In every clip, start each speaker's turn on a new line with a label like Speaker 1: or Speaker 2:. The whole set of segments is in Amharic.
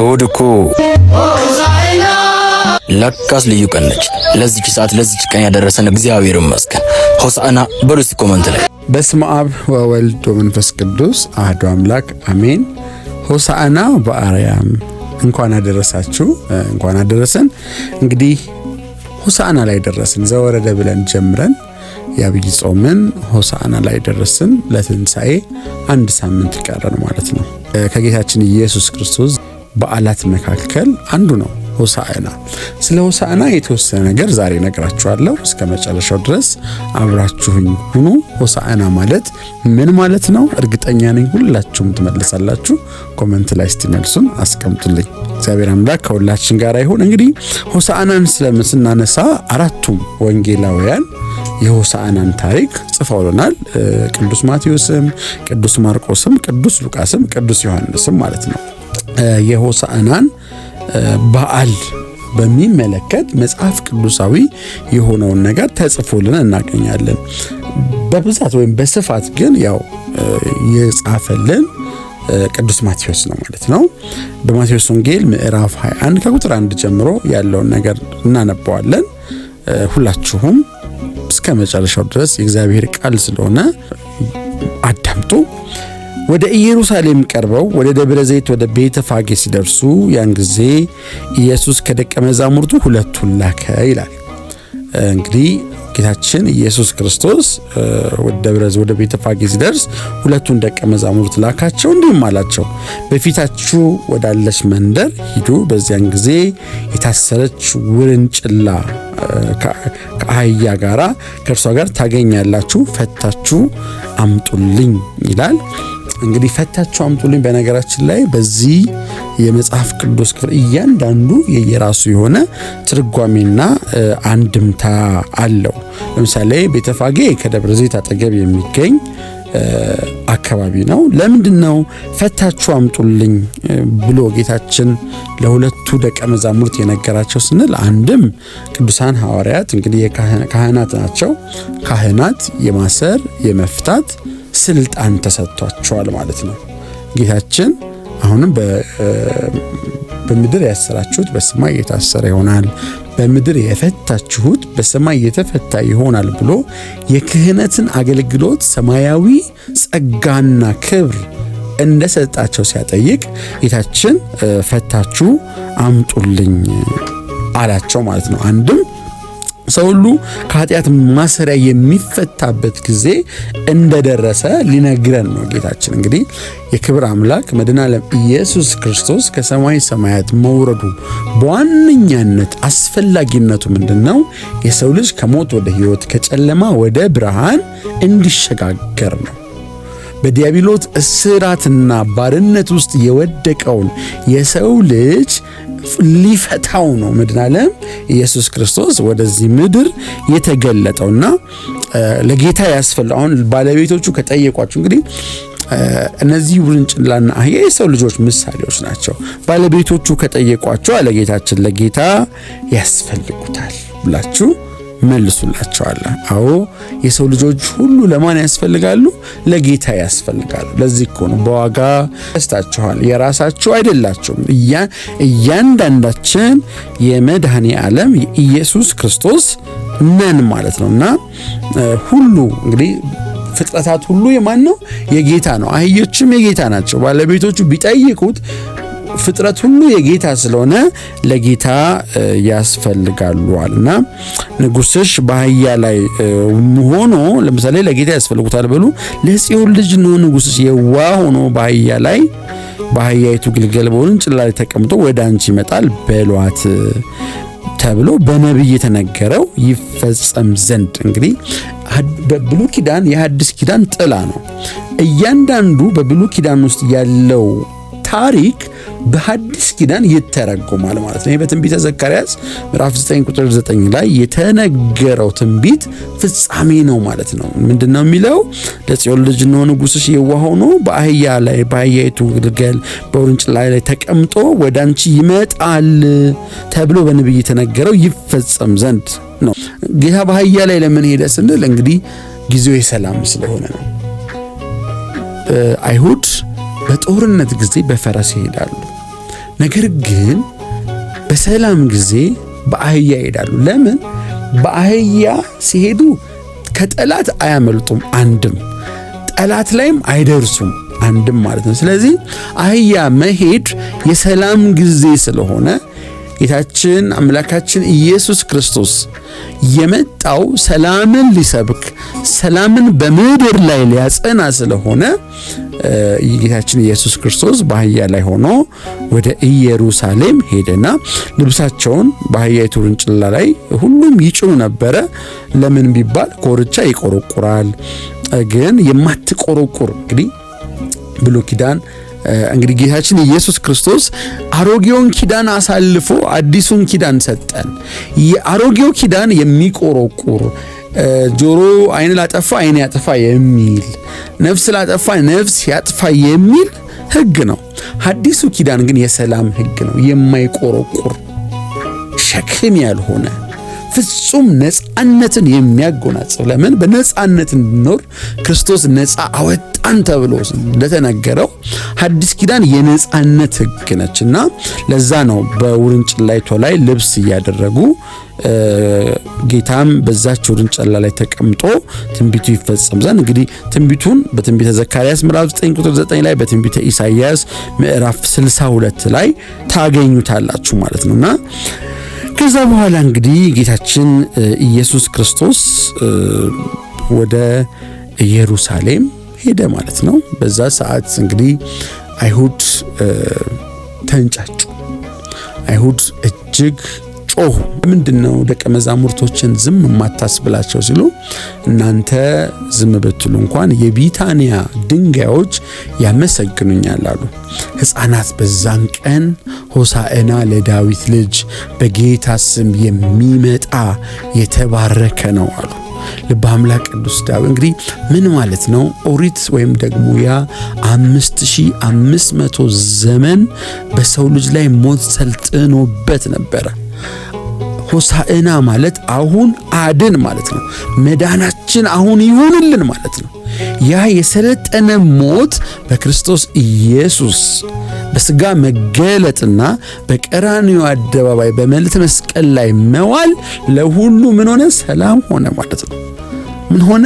Speaker 1: እሑድ እኮ ለካስ ልዩ ቀን ነች። ለዚች ሰዓት ለዚች ቀን ያደረሰን እግዚአብሔር ይመስገን። ሆሳዕና በሉስ ኮመንት ላይ።
Speaker 2: በስመ አብ ወወልድ ወመንፈስ ቅዱስ አህዶ አምላክ አሜን። ሆሳዕና በአርያም እንኳን አደረሳችሁ፣ እንኳን አደረሰን። እንግዲህ ሆሳዕና ላይ ደረስን። ዘወረደ ብለን ጀምረን የአብይ ጾምን ሆሳዕና ላይ ደረስን። ለትንሣኤ አንድ ሳምንት ይቀረን ማለት ነው። ከጌታችን ኢየሱስ ክርስቶስ በዓላት መካከል አንዱ ነው ሆሳዕና። ስለ ሆሳዕና የተወሰነ ነገር ዛሬ ነግራችኋለሁ። እስከ መጨረሻው ድረስ አብራችሁኝ ሁኑ። ሆሳዕና ማለት ምን ማለት ነው? እርግጠኛ ነኝ ሁላችሁም ትመልሳላችሁ። ኮመንት ላይ እስቲ መልሱን አስቀምጡልኝ። እግዚአብሔር አምላክ ከሁላችን ጋር ይሁን። እንግዲህ ሆሳዕናን ስለምን ስናነሳ አራቱም ወንጌላውያን የሆሳዕናን ታሪክ ጽፈውልናል። ቅዱስ ማቴዎስም፣ ቅዱስ ማርቆስም፣ ቅዱስ ሉቃስም፣ ቅዱስ ዮሐንስም ማለት ነው። የሆሳዕናን በዓል በሚመለከት መጽሐፍ ቅዱሳዊ የሆነውን ነገር ተጽፎልን እናገኛለን። በብዛት ወይም በስፋት ግን ያው የጻፈልን ቅዱስ ማቴዎስ ነው ማለት ነው። በማቴዎስ ወንጌል ምዕራፍ 21 ከቁጥር አንድ ጀምሮ ያለውን ነገር እናነባዋለን። ሁላችሁም እስከ መጨረሻው ድረስ የእግዚአብሔር ቃል ስለሆነ አዳምጡ። ወደ ኢየሩሳሌም ቀርበው ወደ ደብረ ዘይት ወደ ቤተ ፋጌ ሲደርሱ ያን ጊዜ ኢየሱስ ከደቀ መዛሙርቱ ሁለቱን ላከ ይላል። እንግዲህ ጌታችን ኢየሱስ ክርስቶስ ወደ ደብረ ወደ ቤተ ፋጌ ሲደርስ ሁለቱን ደቀ መዛሙርት ላካቸው፣ እንዲህም አላቸው በፊታችሁ ወዳለች መንደር ሂዱ። በዚያን ጊዜ የታሰረች ውርንጭላ ከአህያ ጋራ ከእርሷ ጋር ታገኛላችሁ፣ ፈታችሁ አምጡልኝ ይላል። እንግዲህ ፈታቸው አምጡልኝ። በነገራችን ላይ በዚህ የመጽሐፍ ቅዱስ ክፍል እያንዳንዱ የየራሱ የሆነ ትርጓሜና አንድምታ አለው። ለምሳሌ ቤተፋጌ ከደብረ ዘይት አጠገብ የሚገኝ አካባቢ ነው። ለምንድን ነው ፈታችሁ አምጡልኝ ብሎ ጌታችን ለሁለቱ ደቀ መዛሙርት የነገራቸው ስንል አንድም ቅዱሳን ሐዋርያት እንግዲህ ካህናት ናቸው። ካህናት የማሰር የመፍታት ስልጣን ተሰጥቷቸዋል ማለት ነው። ጌታችን አሁንም በምድር ያሰራችሁት በሰማይ የታሰረ ይሆናል፣ በምድር የፈታችሁት በሰማይ የተፈታ ይሆናል ብሎ የክህነትን አገልግሎት ሰማያዊ ጸጋና ክብር እንደሰጣቸው ሲያጠይቅ ጌታችን ፈታችሁ አምጡልኝ አላቸው ማለት ነው። አንድም ሰው ሁሉ ከኃጢአት ማሰሪያ የሚፈታበት ጊዜ እንደደረሰ ሊነግረን ነው ጌታችን። እንግዲህ የክብር አምላክ መድኃኔዓለም ኢየሱስ ክርስቶስ ከሰማይ ሰማያት መውረዱ በዋነኛነት አስፈላጊነቱ ምንድን ነው? የሰው ልጅ ከሞት ወደ ሕይወት ከጨለማ ወደ ብርሃን እንዲሸጋገር ነው። በዲያብሎት እስራትና ባርነት ውስጥ የወደቀውን የሰው ልጅ ሊፈታው ነው መድኃኔዓለም ኢየሱስ ክርስቶስ ወደዚህ ምድር የተገለጠውና ለጌታ ያስፈል አሁን ባለቤቶቹ ከጠየቋችሁ እንግዲህ እነዚህ ውርንጭላና አህያ የሰው ልጆች ምሳሌዎች ናቸው። ባለቤቶቹ ከጠየቋቸው አለጌታችን ለጌታ ያስፈልጉታል ብላችሁ መልሱላቸዋለን። አዎ የሰው ልጆች ሁሉ ለማን ያስፈልጋሉ? ለጌታ ያስፈልጋሉ። ለዚህ እኮ ነው በዋጋ ገዝታችኋል፣ የራሳችሁ አይደላችሁም። እያንዳንዳችን የመድኃኔ ዓለም የኢየሱስ ክርስቶስ ነን ማለት ነው እና ሁሉ እንግዲህ ፍጥረታት ሁሉ የማን ነው? የጌታ ነው። አህዮችም የጌታ ናቸው። ባለቤቶቹ ቢጠይቁት ፍጥረት ሁሉ የጌታ ስለሆነ ለጌታ ያስፈልጋሉ አለና ንጉስሽ በአህያ ላይ ሆኖ ለምሳሌ ለጌታ ያስፈልጉታል በሉ። ለጽዮን ልጅ ነው ንጉስሽ የዋ ሆኖ በአህያ ላይ በአህያይቱ ግልገል በውርንጭላ ላይ ተቀምጦ ወደ አንቺ ይመጣል በሏት ተብሎ በነቢይ የተነገረው ይፈጸም ዘንድ እንግዲህ በብሉ ኪዳን የሐዲስ ኪዳን ጥላ ነው። እያንዳንዱ በብሉ ኪዳን ውስጥ ያለው ታሪክ በሐዲስ ኪዳን ይተረጎማል ማለት ነው። ይህ በትንቢተ ዘካርያስ ምዕራፍ 9 ቁጥር 9 ላይ የተነገረው ትንቢት ፍጻሜ ነው ማለት ነው። ምንድን ነው የሚለው? ለጽዮን ልጅ ነው ንጉሥሽ የዋህ ሆኖ በአህያ ላይ በአህያይቱ ግልገል በውርንጭላ ላይ ተቀምጦ ወደ አንቺ ይመጣል ተብሎ በነቢይ የተነገረው ይፈጸም ዘንድ ነው። ጌታ በአህያ ላይ ለምን ሄደ ስንል እንግዲህ ጊዜው የሰላም ስለሆነ ነው። አይሁድ በጦርነት ጊዜ በፈረስ ይሄዳሉ። ነገር ግን በሰላም ጊዜ በአህያ ይሄዳሉ። ለምን? በአህያ ሲሄዱ ከጠላት አያመልጡም። አንድም ጠላት ላይም አይደርሱም። አንድም ማለት ነው። ስለዚህ አህያ መሄድ የሰላም ጊዜ ስለሆነ ጌታችን አምላካችን ኢየሱስ ክርስቶስ የመጣው ሰላምን ሊሰብክ ሰላምን በምድር ላይ ሊያጸና ስለሆነ ጌታችን ኢየሱስ ክርስቶስ በአህያ ላይ ሆኖ ወደ ኢየሩሳሌም ሄደና ልብሳቸውን በአህያይቱ ውርንጭላ ላይ ሁሉም ይጭኑ ነበረ። ለምን ቢባል ኮርቻ ይቆረቁራል። ግን የማትቆረቁር እንግዲህ ብሉይ ኪዳን እንግዲህ ጌታችን ኢየሱስ ክርስቶስ አሮጌውን ኪዳን አሳልፎ አዲሱን ኪዳን ሰጠን። የአሮጌው ኪዳን የሚቆረቁር ጆሮ አይን ላጠፋ አይን ያጠፋ የሚል ነፍስ ላጠፋ ነፍስ ያጥፋ የሚል ሕግ ነው። አዲሱ ኪዳን ግን የሰላም ሕግ ነው፣ የማይቆረቁር ሸክም ያልሆነ ፍጹም ነፃነትን የሚያጎናጽፍ ለምን በነጻነት እንድኖር ክርስቶስ ነፃ አወጣን ተብሎ እንደተነገረው ሐዲስ ኪዳን የነፃነት ህግ ነችና ለዛ ነው በውርንጭላይቷ ላይ ልብስ እያደረጉ ጌታም በዛች ውርንጭላ ላይ ተቀምጦ ትንቢቱ ይፈጸም ዘንድ እንግዲህ ትንቢቱን በትንቢተ ዘካርያስ ምዕራፍ 9 ቁጥር 9 ላይ በትንቢተ ኢሳይያስ ምዕራፍ 62 ላይ ታገኙታላችሁ ማለት ነውና ከዛ በኋላ እንግዲህ ጌታችን ኢየሱስ ክርስቶስ ወደ ኢየሩሳሌም ሄደ ማለት ነው። በዛ ሰዓት እንግዲህ አይሁድ ተንጫጩ። አይሁድ እጅግ ጮሁ። ምንድን ነው ደቀ መዛሙርቶችን ዝም የማታስብላቸው ሲሉ እናንተ ዝም ብትሉ እንኳን የቢታንያ ድንጋዮች ያመሰግኑኛል አሉ። ሕፃናት በዛን ቀን ሆሳዕና ለዳዊት ልጅ በጌታ ስም የሚመጣ የተባረከ ነው አሉ። ልበ አምላክ ቅዱስ ዳዊት እንግዲህ ምን ማለት ነው? ኦሪት ወይም ደግሞ ያ አምስት አምስት መቶ ዘመን በሰው ልጅ ላይ ሞት ሰልጥኖበት ነበረ። ሆሳዕና ማለት አሁን አድን ማለት ነው። መዳናችን አሁን ይሁንልን ማለት ነው። ያ የሰለጠነ ሞት በክርስቶስ ኢየሱስ በስጋ መገለጥና በቀራንዮ አደባባይ በመልዕልተ መስቀል ላይ መዋል ለሁሉ ምን ሆነ? ሰላም ሆነ ማለት ነው። ምን ሆነ?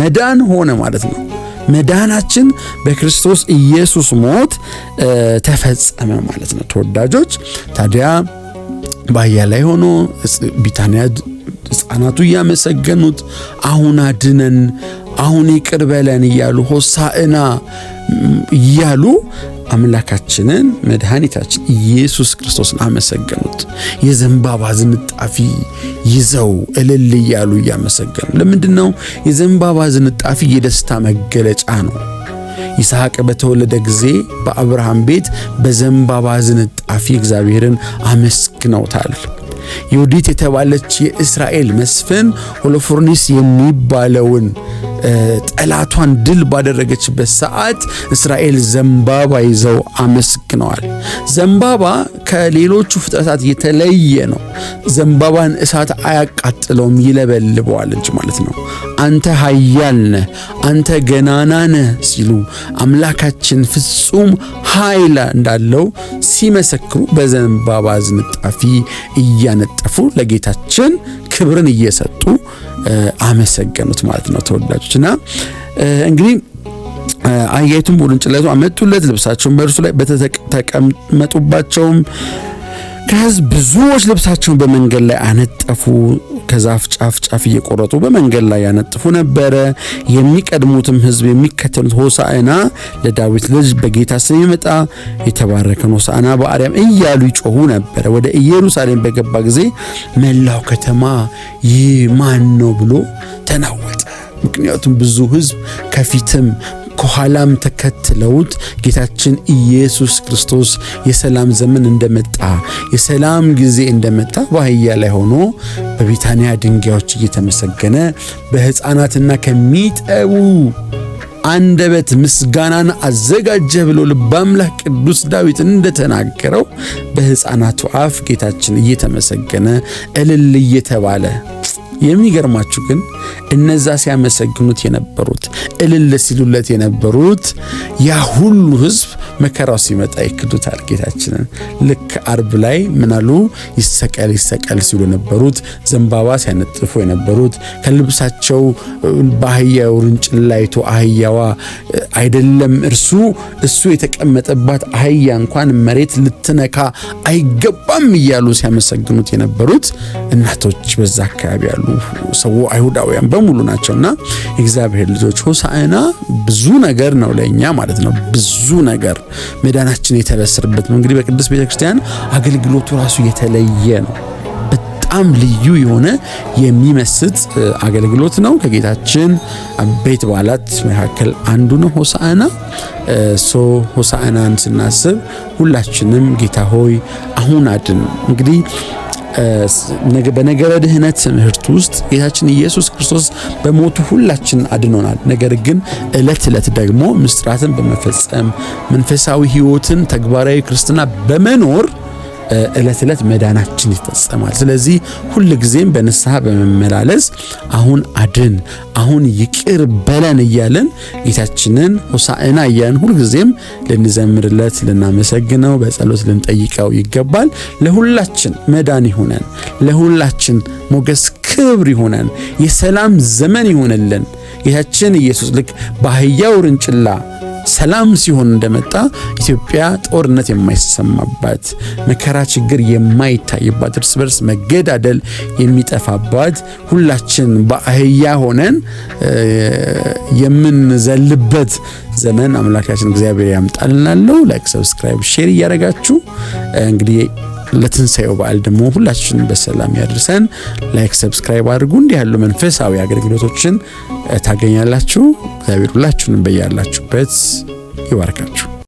Speaker 2: መዳን ሆነ ማለት ነው። መዳናችን በክርስቶስ ኢየሱስ ሞት ተፈጸመ ማለት ነው። ተወዳጆች ታዲያ ባያ ላይ ሆኖ ቢታንያ ሕፃናቱ እያመሰገኑት አሁን አድነን፣ አሁን ይቅር በለን እያሉ ሆሳዕና እያሉ አምላካችንን መድኃኒታችን ኢየሱስ ክርስቶስን አመሰገኑት። የዘንባባ ዝንጣፊ ይዘው እልል እያሉ እያመሰገኑ። ለምንድን ነው? የዘንባባ ዝንጣፊ የደስታ መገለጫ ነው። ይስሐቅ በተወለደ ጊዜ በአብርሃም ቤት በዘንባባ ዝንጣፊ እግዚአብሔርን አመስግነውታል። ይሁዲት የተባለች የእስራኤል መስፍን ሆሎፎርኒስ የሚባለውን ጠላቷን ድል ባደረገችበት ሰዓት እስራኤል ዘንባባ ይዘው አመስግነዋል። ዘንባባ ከሌሎቹ ፍጥረታት የተለየ ነው። ዘንባባን እሳት አያቃጥለውም፣ ይለበልበዋል እንጂ ማለት ነው። አንተ ኃያል ነህ፣ አንተ ገናና ነህ ሲሉ አምላካችን ፍጹም ኃይል እንዳለው ሲመሰክሩ በዘንባባ ዝንጣፊ እያነጠፉ ለጌታችን ክብርን እየሰጡ አመሰገኑት ማለት ነው ተወዳጆች። እና እንግዲህ አህያይቱም ውርንጭላይቱ አመጡለት፣ ልብሳቸውን በእርሱ ላይ በተቀመጡባቸውም ከህዝብ ብዙዎች ልብሳቸውን በመንገድ ላይ አነጠፉ። ከዛፍ ጫፍ ጫፍ እየቆረጡ በመንገድ ላይ ያነጥፉ ነበረ። የሚቀድሙትም ህዝብ የሚከተሉት ሆሳዕና ለዳዊት ልጅ በጌታ ስም ይመጣ የተባረከን ሆሳዕና በአርያም እያሉ ይጮሁ ነበረ። ወደ ኢየሩሳሌም በገባ ጊዜ መላው ከተማ ይህ ማን ነው ብሎ ተናወጠ። ምክንያቱም ብዙ ህዝብ ከፊትም ከኋላም ተከትለውት ጌታችን ኢየሱስ ክርስቶስ የሰላም ዘመን እንደመጣ የሰላም ጊዜ እንደመጣ በአህያ ላይ ሆኖ በቢታንያ ድንጋዮች እየተመሰገነ በሕፃናትና ከሚጠቡ አንደበት ምስጋናን አዘጋጀ ብሎ ልባምላክ ቅዱስ ዳዊት እንደተናገረው በሕፃናቱ አፍ ጌታችን እየተመሰገነ እልል እየተባለ የሚገርማችሁ ግን እነዛ ሲያመሰግኑት የነበሩት እልል ሲሉለት የነበሩት ያ ሁሉ ህዝብ መከራው ሲመጣ ይክዱታል ጌታችንን። ልክ አርብ ላይ ምናሉ ይሰቀል ይሰቀል ሲሉ የነበሩት ዘንባባ ሲያነጥፉ የነበሩት ከልብሳቸው በአህያ ውርንጭላ አይቶ አህያዋ አይደለም እርሱ እሱ የተቀመጠባት አህያ እንኳን መሬት ልትነካ አይገባም እያሉ ሲያመሰግኑት የነበሩት እናቶች በዛ አካባቢ ያሉ ሰው አይሁዳውያን በሙሉ ናቸውና እግዚአብሔር ልጆች ሆሳዕና ብዙ ነገር ነው ለኛ ማለት ነው። ብዙ ነገር መዳናችን የተበሰረበት ነው። እንግዲህ በቅድስት ቤተክርስቲያን አገልግሎቱ ራሱ የተለየ ነው። በጣም ልዩ የሆነ የሚመስጥ አገልግሎት ነው። ከጌታችን ቤት በዓላት መካከል አንዱ ነው ሆሳዕና። ሶ ሆሳዕናን ስናስብ ሁላችንም ጌታ ሆይ አሁን አድን እንግዲህ በነገረ ድህነት ትምህርት ውስጥ ጌታችን ኢየሱስ ክርስቶስ በሞቱ ሁላችን አድኖናል። ነገር ግን እለት እለት ደግሞ ምስጢራትን በመፈጸም መንፈሳዊ ሕይወትን ተግባራዊ ክርስትና በመኖር እለት እለት መዳናችን ይፈጸማል። ስለዚህ ሁል ጊዜም በንስሐ በመመላለስ አሁን አድን፣ አሁን ይቅር በለን እያለን ጌታችንን ሆሳዕና እያለን ጊዜም ልንዘምርለት፣ ልናመሰግነው፣ በጸሎት ልንጠይቀው ይገባል። ለሁላችን መዳን ይሆነን ለሁላችን ሞገስ ክብር ይሆነን የሰላም ዘመን ይሆነልን ጌታችን ኢየሱስ ልክ በአህያ ውርንጭላ ሰላም ሲሆን እንደመጣ ኢትዮጵያ ጦርነት የማይሰማባት መከራ፣ ችግር የማይታይባት እርስ በርስ መገዳደል የሚጠፋባት ሁላችን በአህያ ሆነን የምንዘልበት ዘመን አምላካችን እግዚአብሔር ያምጣልናለው። ላይክ፣ ሰብስክራይብ፣ ሼር እያደረጋችሁ እንግዲህ ለትንሣኤው በዓል ደግሞ ሁላችንም በሰላም ያድርሰን። ላይክ፣ ሰብስክራይብ አድርጉ። እንዲህ ያሉ መንፈሳዊ አገልግሎቶችን ታገኛላችሁ። እግዚአብሔር ሁላችሁንም በያላችሁበት ይባርካችሁ።